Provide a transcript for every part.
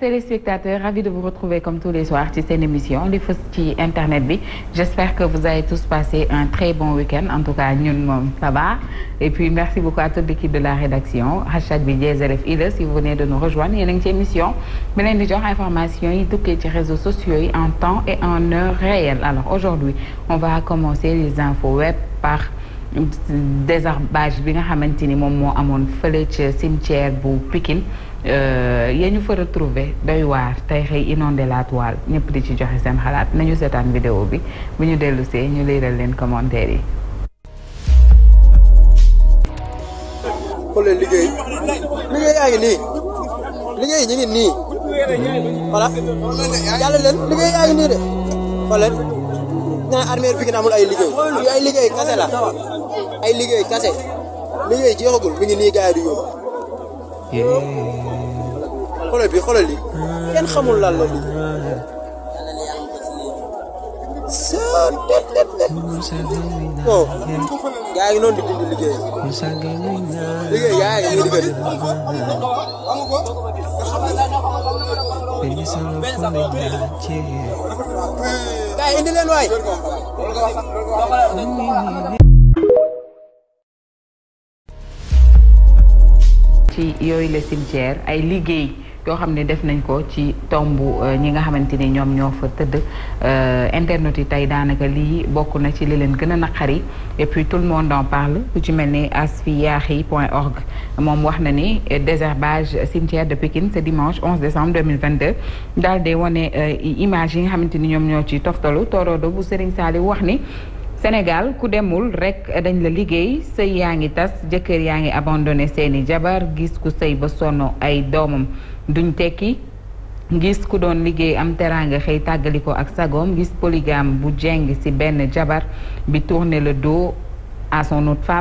téléspectateurs ravi de vous retrouver comme tous les soirs ci émission li fës internet bi j'espère que vous avez tous passé un très bon week en tout cas ñun moom ça va et puis merci beaucoup à toute l'équipe de la rédaction hashtag bi dièse RFI la si vous venez de nous rejoindre yéen a ngi ci émission bi leen di jox information yi tukkee ci réseaux sociaux en temps et en heure réelle alors aujourd'hui on va par désherbage bi nga xamante ni moom moo amoon fële ca cimetière bu Pikine Euh, ya ñu fa retrouver doy waar tey xëy inondé la toile ñëpp di ci joxe seen xalaat nañu seetaan vidéo bi bu ñu dellusee ñu liiral leen commentaire yi. xoolee liggéey yaa ngi nii liggéey ñu ngi nii voilà yàlla leen liggéey yaa ngi ay liggéey kase la ay liggéey kase liggéey jeexagul mi ngi nii gars yi xoolal bi xoolal li kenn xamul lan la lii. soo tët tët tët. bon. yaa ngi noonu di dindi liggéey. liggéey yaa ngi nii liggéey. gars yi indi leen waay. ci yooyu la cimetière ay liggéey. yoo xam ne def nañ ko ci tomb euh, ñi nga xamante ni ñoom ñoo fa tëdd euh, internet yi tey daanaka lii bokk na ci li leen gën a naqari et puis tout le monde en parle ku ci mel ni asfiyahi point org moom wax na ni désherbage cimetière de Pikine ce dimanche 11 décembre 2022 daal di wane euh, image yi nga xamante ni ñoom ñoo ci toftalu tooroodo bu Serigne Saliou wax ni Sénégal ku demul rekk dañ la liggéey sëy yaa ngi tas jëkkër yaa ngi abandonné seeni jabar gis ku sëy ba sonn ay doomam duñ tekki gis ku doon liggéey am teraanga xëy tàggali ko ak sagoom gis polygame bu jeng ci benn jabar bi tourner la dos à son autre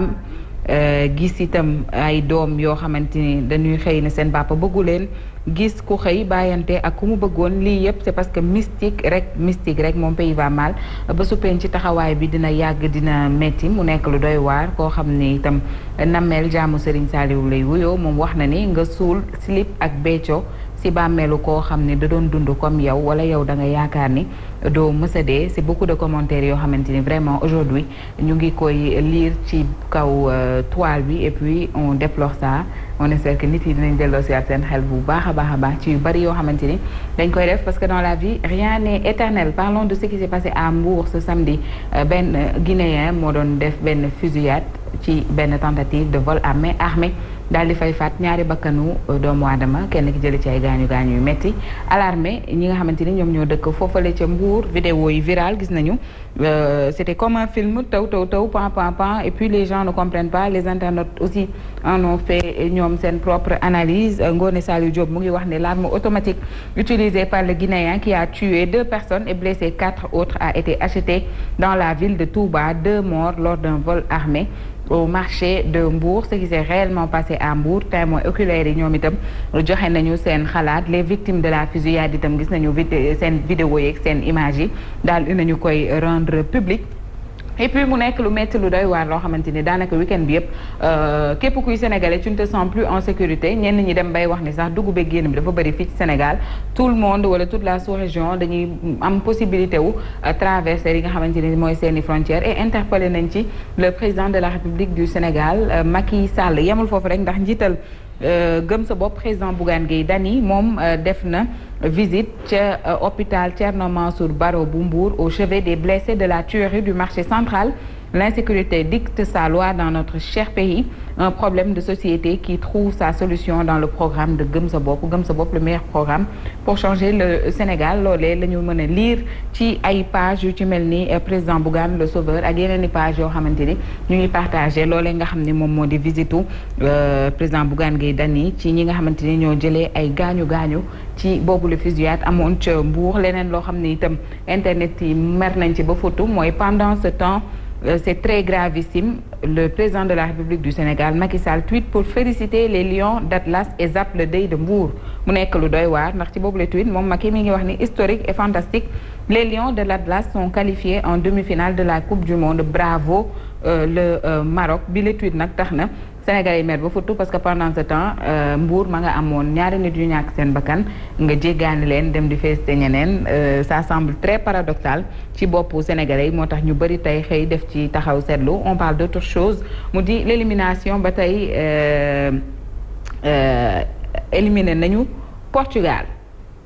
euh, gis itam ay doom yoo xamante ni dañuy xëy ne seen papa bëgguleen gis ku xëy bàyyante ak ku mu bëggoon lii yëpp c'est parce que mystique rek mystique rek moom pays va ba su ci taxawaay bi dina yàgg dina metti mu nekk lu doy waar koo xam ne itam nammeel jaamu Serigne Saliou lay wuyoo moom wax na ni nga suul slip ak bécco si bàmmeelu koo xam ne da doon dund comme yow wala yow da nga yaakaar ni doo mës a dee c'est beaucoup de commentaires yoo xamante ni vraiment aujourd'hui ñu ngi koy lire ci kaw euh, toile bi et puis on déplore ça on espère que nit yi dinañ delloo si seen xel bu baax a baax a baax ci yu bari yoo xamante ni dañ koy def parce que dans la vie rien n'est éternel parlons de ce qui s'est passé à Mbour ce samedi euh, benn Guinéen moo doon def benn fusillade ci benn tentative de vol à main armée daal di fay faat ñaari bakkanu euh, doomu aadama kenn ki jëlee ci ay gaañu gaañu yu métti alarmé ñi nga xamante ni ñoom ñoo dëkk foofale ca Mbour vidéo yi viral gis nañu euh, c'était comme un film taw taw taw pan pan pan et puis les gens ne comprennent pas les internautes aussi en ont fait ñoom seen propre analyse euh, ngoone Saliou Diop mu ngi wax ne l'arme automatique utilisée par le Guinéen qui a tué deux personnes et blessé quatre autres a été achetée dans la ville de Touba deux morts lors d'un vol armé au marché de Mbour ce qui s'est réellement passé à Mbour témoins oculaires yi ñoom itam joxe nañu seen xalaat les victimes de la fusillade itam gis nañu seen vidéo yeek seen image yi daal dinañu koy rendre public et mu nekk lu métti lu doy waar loo xamante ni daanaka week-end bi yëpp euh, képp kuy sénégalais tu ne te sens plus en sécurité ñenn ñi dem bay wax ni sax dugub beeg génn bi dafa bëri fii ci Sénégal tout le monde wala toute la sous-région dañuy am possibilité wu euh, traverser yi nga xamante ni mooy seeni frontière et interpellé nañ ci le président de la République du Sénégal euh, Macky sàll yemul foofu rek ndax njiital gëm sa bopp président Bougane Gueye Dany moom def na. visite ca euh, hôpital Thierno Mansour Baro bu Mbour au chevet des blessés de la tuerie du marché central L'insécurité dicte sa loi dans notre cher pays, un problème de société qui trouve sa solution dans le programme de Gëm sa bopp Gëm sa bopp le meilleur programme pour changer le Sénégal loolee la ñu mën a lire ci ay page yu ci mel ni eh, président Bougane le sauveur ak yeneen i page yoo xamante ni ñu ngi partagé loolee nga xam ni moom moo di visitu euh, président Bougane Gueye Dany ci ñi nga xamante ni ñoo jëlee ay gaañu gaañu ci boobu la fusillade amoon ca Mbour leneen loo xam ne itam internet yi mer nañ ci ba foto mooy pendant ce temps Euh, c'est très gravissime le président de la République du Sénégal Macky Sall tweet pour féliciter les lions d'Atlas et zappe le deuil de Mbour mu nekk lu doy waar ndax ci boobu le tweet moom Macky mi ngi wax ni historique et fantastique les lions de l'Atlas sont qualifiés en demi-finale de la Coupe du Monde bravo euh, le euh, Maroc bi le tweet nag tax na Sénégalais yi mer ba futtu parce que pendant ce temps euh, Mbour ma nga amoon ñaari nit yu ñàkk seen bakkan nga jéggaani leen dem di feeste ñeneen sa euh, semble très paradoxal ci boppu Sénégalais moo tax ñu bëri tey xëy def ci taxaw seetlu on parle d'autre chose mu di l'élimination ba tey euh, éliminer nañu Portugal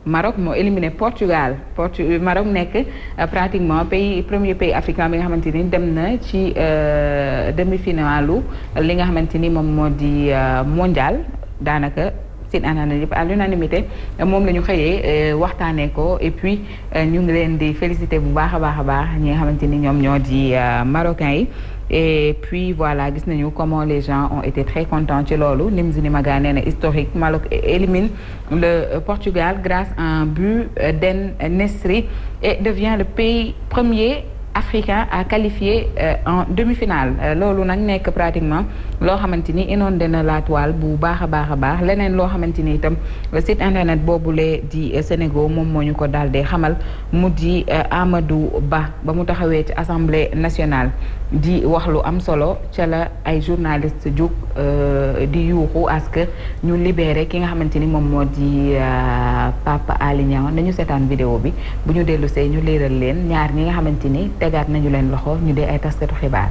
Maroc moo éliminé Portugal Portu Maroc nekk euh, pratiquement pays premier pays africain bi nga xamante ni dem na ci euh, demi-finalu li nga xamante ni moom moo di euh, mondial daanaka. seen àndandoo yëpp à l'unanimité moom la ñu xëyee euh, waxtaanee ko et puis euh, ñu ngi leen di féliciter bu baax a baax a baax ñi nga xamante ni ñoom ñoo di euh, marocains yi. et puis voilà gis nañu comment les gens ont été très contents ci loolu Nimzini Maga nee na historique Maroc élimine le Portugal grâce à un but d'En Nesri et devient le pays premier. africain à qualifier euh, en demi-finale euh, loolu nag nekk pratiquement loo xamante ni inondé na la toile bu baax a baax a baax leneen loo xamante ni itam euh, site internet le di Sénégal moom moo ñu ko daal di xamal mu di Amadou Ba ba mu taxawee ci assemblée nationale di wax lu am solo ca ay journaliste jóg di yuuxu à que ñu libéré ki nga xamante ni moom moo di Papa Alé Niang nañu seetaan vidéo bi bu ñu dellu see ñu leeral leen ñaar ñi nga xamante ni. tegaat nañu leen loxo ñu dee ay taskatu xibaar.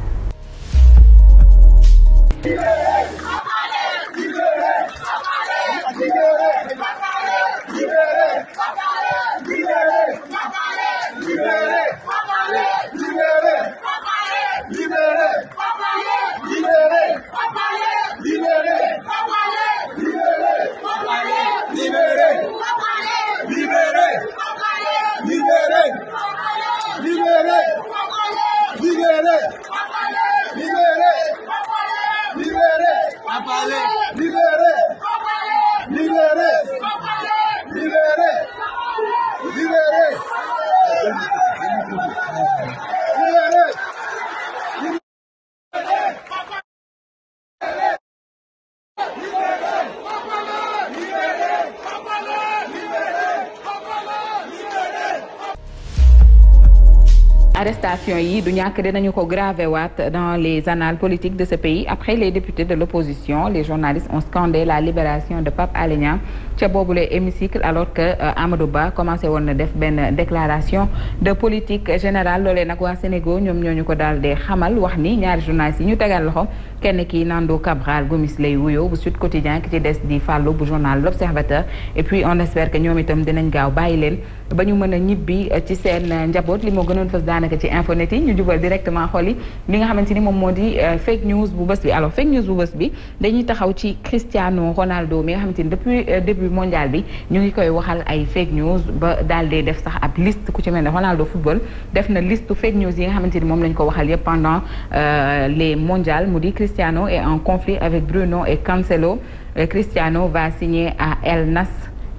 condamnation yi du ñàkk nañu ko gravé waat dans les annales politiques de ce pays après les députés de l'opposition les journalistes ont scandé la libération de Pape Alé Niang ca boobule hémicycle alors que euh, Amadou Ba commencé woon na def benn déclaration de politique générale loolee nag waa Sénégal ñoom ñoo ñu ko daal di xamal wax ni ñaari journalistes yi ñu tegal loxo kenn ki Nando Cabral Gomis lay wuyoo bu Sud Quotidien ki ci des di Fallou bu journal L'Observateur et puis on espère que ñoom itam dinañ gaaw bàyyi leen ba ñu mën a ñibbi ci seen njaboot li moo gënoon fës daanaka ci infonet yi ñu jubal directement xool li nga xamante moom moo di euh, fake news bu bës bi alors fake news bu bës bi dañuy taxaw ci Cristiano Ronaldo mi nga xamante ni depuis euh, début mondial bi ñu ngi koy waxal ay fake news ba daal dee def sax ab liste ku ci mel ne Ronaldo football def na liste fake yi nga xamante ni moom lañ ko waxal yëpp pendant euh, les mondial Cristiano est en conflit avec Bruno et Cancelo. Cristiano va signer à El Nas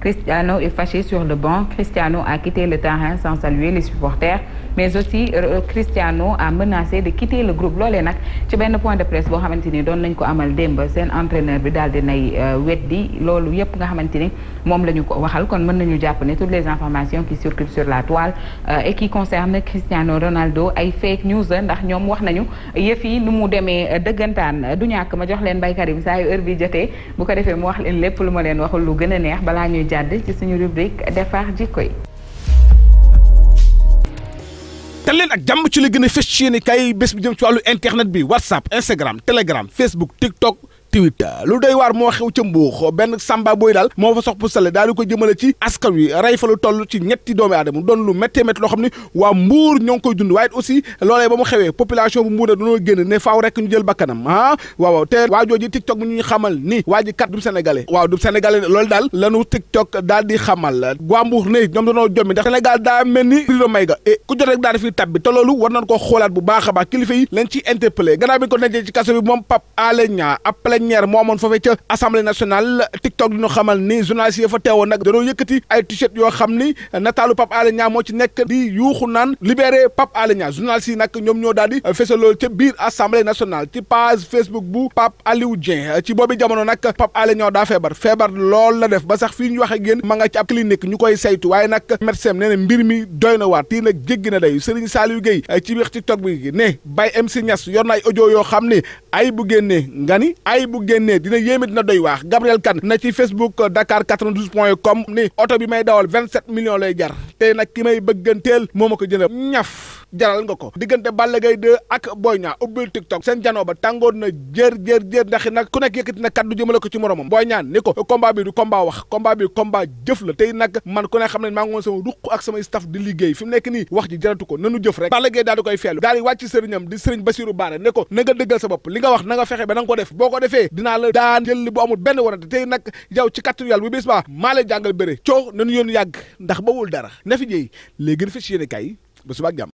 Cristiano est fâché sur le banc. Cristiano a quitté le terrain sans saluer les supporters mais aussi euh, euh, Cristiano a menacé de quitter le groupe loolee nag ci benn point de presse boo xamante doon nañ ko amal démb seen entraîneur bi daal di euh, weddi loolu yëpp nga xamante moom la ko waxal kon mën nañu jàpp ne toutes les informations qui circulent sur la toile et qui concernent Cristiano Ronaldo ay fake news ndax ñoom wax nañu yëf nu mu demee dëggantaan du ñàkk ma jox leen baykat yi a jàdd ci suñu ak jàmm ci la gën a fës ci yéen kay bés bi jëm ci wàllu internet bi whatsapp instagram telegram facebook tiktok tiwit lu doy waar moo xew ca mbuux benn samba booy daal moo fa sox bu sale daal di ko jëmale ci askan wi rey fa lu toll ci ñetti doomi aadama doon lu méttee métti loo xam ne ah, waa mbuur loolu daal lanu tiktok daal di xamal waa mbuur ne ñoom dañoo jommi ndax sénégal daa mel ni rido may ga et eh, ku jot rek daal di fi tabbi te war nañ ko xoolaat bu baax a baax kilifa ci interpellé gannaaw bi ko nekkee ci kaso bi moom Pape Alé plénière moo amoon foofee ca assemblée nationale tiktok di ñu xamal ni journaliste yi fa teewoon nag dañoo yëkkati ay t-shirt yoo xam ni nataalu Pape Alé Niang moo ci nekk di yuuxu naan libéré Pape Alé Niang journaliste yi nag ñoom ñoo daal di ca biir assemblée nationale ci page Facebook bu Pape Aliou Dieng ci boobu jamono nag Pape Alé Niang daa feebar feebar lool la def ba sax fii ñu waxee génn ma nga ci ab clinique ñu koy saytu waaye nag médecin nee na mbir mi doy na waar tii nag jéggi na day Serigne Saliou Gueye eh, yoo xam ni bu génnee dina yéeme dina doy waax Gabriel Kane na ci Facebook Dakar 92 point com ni oto bi may dawal 27 millions lay jar te nag ki may bëgganteel moo ma ko jëndal ñaf jaral nga ko diggante Balla Gaye 2 ak Boy Niang ubbil TikTok seen janoo ba tàngoon na jër jër jër nag ku nekk yëkkati na kaddu jëmale ko ci moromam Boy Niang ni ko combat bi du combat wax combat bi combat jëf la tey nag man ku ne xam ne maa ngi woon sama ruq ak sama staff di liggéey fi mu nekk nii wax ji jaratu ko nanu jëf rek Balla Gaye daal di koy feelu daal di wàcc sëriñam di sëriñ Basiru Baara ne ko na nga dëggal sa bopp li nga wax na nga fexe ba na nga ko def boo ko defee dinaa la daan ndax bawul dara na fi jéey léegi fi si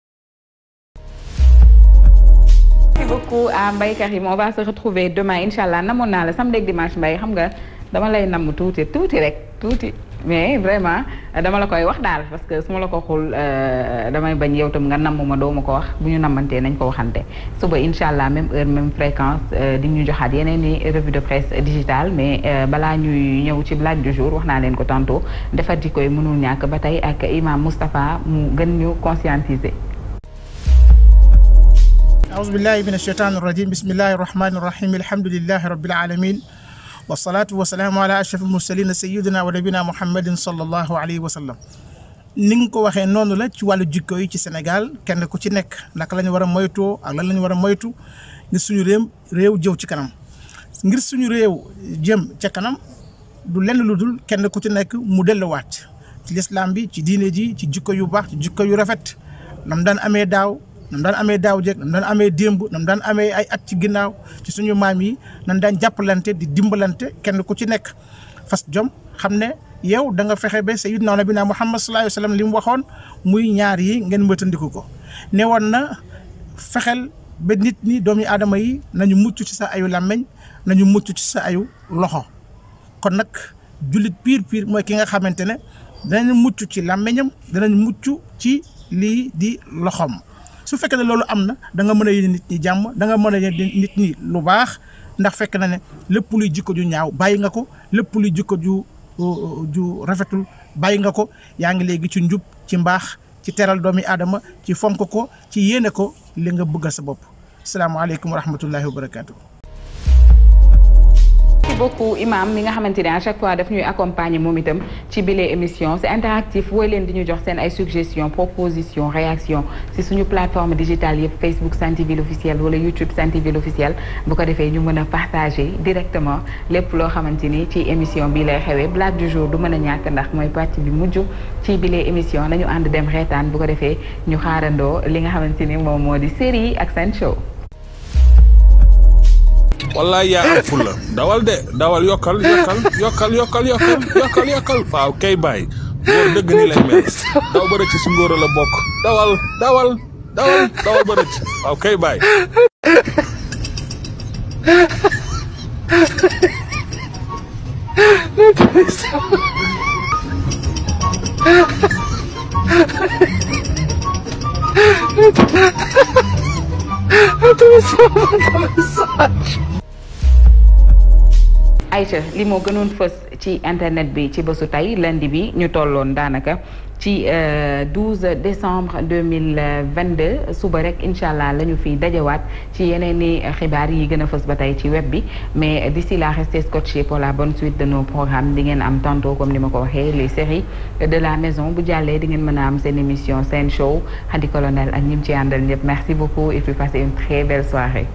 beaucoup à Mbaye Karim on va se retrouver demain incha allah namoon naa la samedi ak dimanche Mbaye xam nga dama lay namm tuuti tuuti rek tuuti mais vraiment dama la koy wax daal parce que suma la ko xul euh, damay bañ yow tam nga namm ma doo ma ko wax bu ñu namantee nañ ko waxante suba incha allah même heure même fréquence euh, di ñu joxaat yeneen i revue de presse digitale mais euh, balaa ñuy ñëw ci blague du jours wax naa leen ko tantôt defar di koy mënul ñàkk ba tey ak imam Moustapha mu gën ñu conscientiser. أعوذ بالله من الشيطان الرجيم بسم الله الرحمن الرحيم الحمد لله رب العالمين والصلاة والسلام على أشرف المرسلين سيدنا ونبينا wa صلى الله عليه وسلم ni nga ko waxee noonu la ci wàllu jikko yi ci Sénégal kenn ku ci nekk naka la ñu war a moytoo ak la ñu war a moytu ngir suñu réew réew jëw ci kanam ngir suñu réew jëm ca kanam du lenn lu dul kenn ku ci nekk mu delluwaat ci lislaam bi ci diine ji ci jikko yu baax ci jikko yu rafet nam daan amee daaw nam daan amee daaw jeeg nam daan amee démb nam daan amee ay at ci ginnaaw ci suñu maam yi nam daan jàppalante di dimbalante kenn ku ci nekk fas jom xam ne yow da nga fexe ba sayyidna nabina Muhammad sallallahu alayhi wa sallam li mu waxoon muy ñaar yi ngeen mëtandiku ko ne woon na fexel ba nit ñi doomi aadama yi nañu mucc ci sa ayu làmmeñ nañu mucc ci sa ayu loxo kon nag jullit piir piir mooy ki nga xamante ne danañ mucc ci làmmeñam danañ mucc ci lii di loxoom su fekkee ne loolu am na danga mën a yéene nit ñi jàmm danga mën a yéene nit ñi lu baax ndax fekk na ne lépp luy jikko ju ñaaw bàyyi nga ko lépp luy jikko ju uh, uh, ju rafetul bàyyi nga ko yaa ngi léegi ci njub ci mbaax ci teral doomi aadama ci fonk ko ci yéene ko li nga bëggal sa bopp salaamaaleykum wa rahmatullahi wa barakaatu. beaucoup imam mi nga xamante ne à chaque fois daf ñuy accompagner moom itam ci bilee émission c'est interactif wooy leen di ñu jox seen ay suggestions propositions réactions si suñu plateforme digitale yëpp Facebook Sen TV l'officiel wala YouTube Sen TV l'officiel bu ko defee ñu mën a partager directement lépp loo xamante ni ci émission bi lay xewee blague du jour du mën a ñàkk ndax mooy pàcc bi mujj ci bilee émission nañu ànd dem xeetaan bu ko defee ñu xaarandoo li nga xamante ni moom moo di série ak seen show wallaay yaa am fulla dawal de dawal yokkal yokkal yokkal yokkal yokkal yokkal yokkal waaw kay baay góor dëgg ni lay mel daw ba rëcc si bokk dawal dawal dawal dawal ba rëcc waaw kay baay Aïcha li moo gënoon fës ci internet bi ci bésu tey lundi bi ñu tolloon daanaka ci 12 euh, décembre 2022 suba rek incha allah la ñu fiy dajewaat ci yeneen i xibaar yi gën a fës ba tey ci web bi mais d'ici là restez scotchés pour la bonne suite de nos programmes di ngeen am tantôt comme ni ma ko waxee les séries de la maison bu jàllee di ngeen mën a am seen émission seen show Khady Colonel ak ñi ci àndal ñëpp merci beaucoup et puis passez une très belle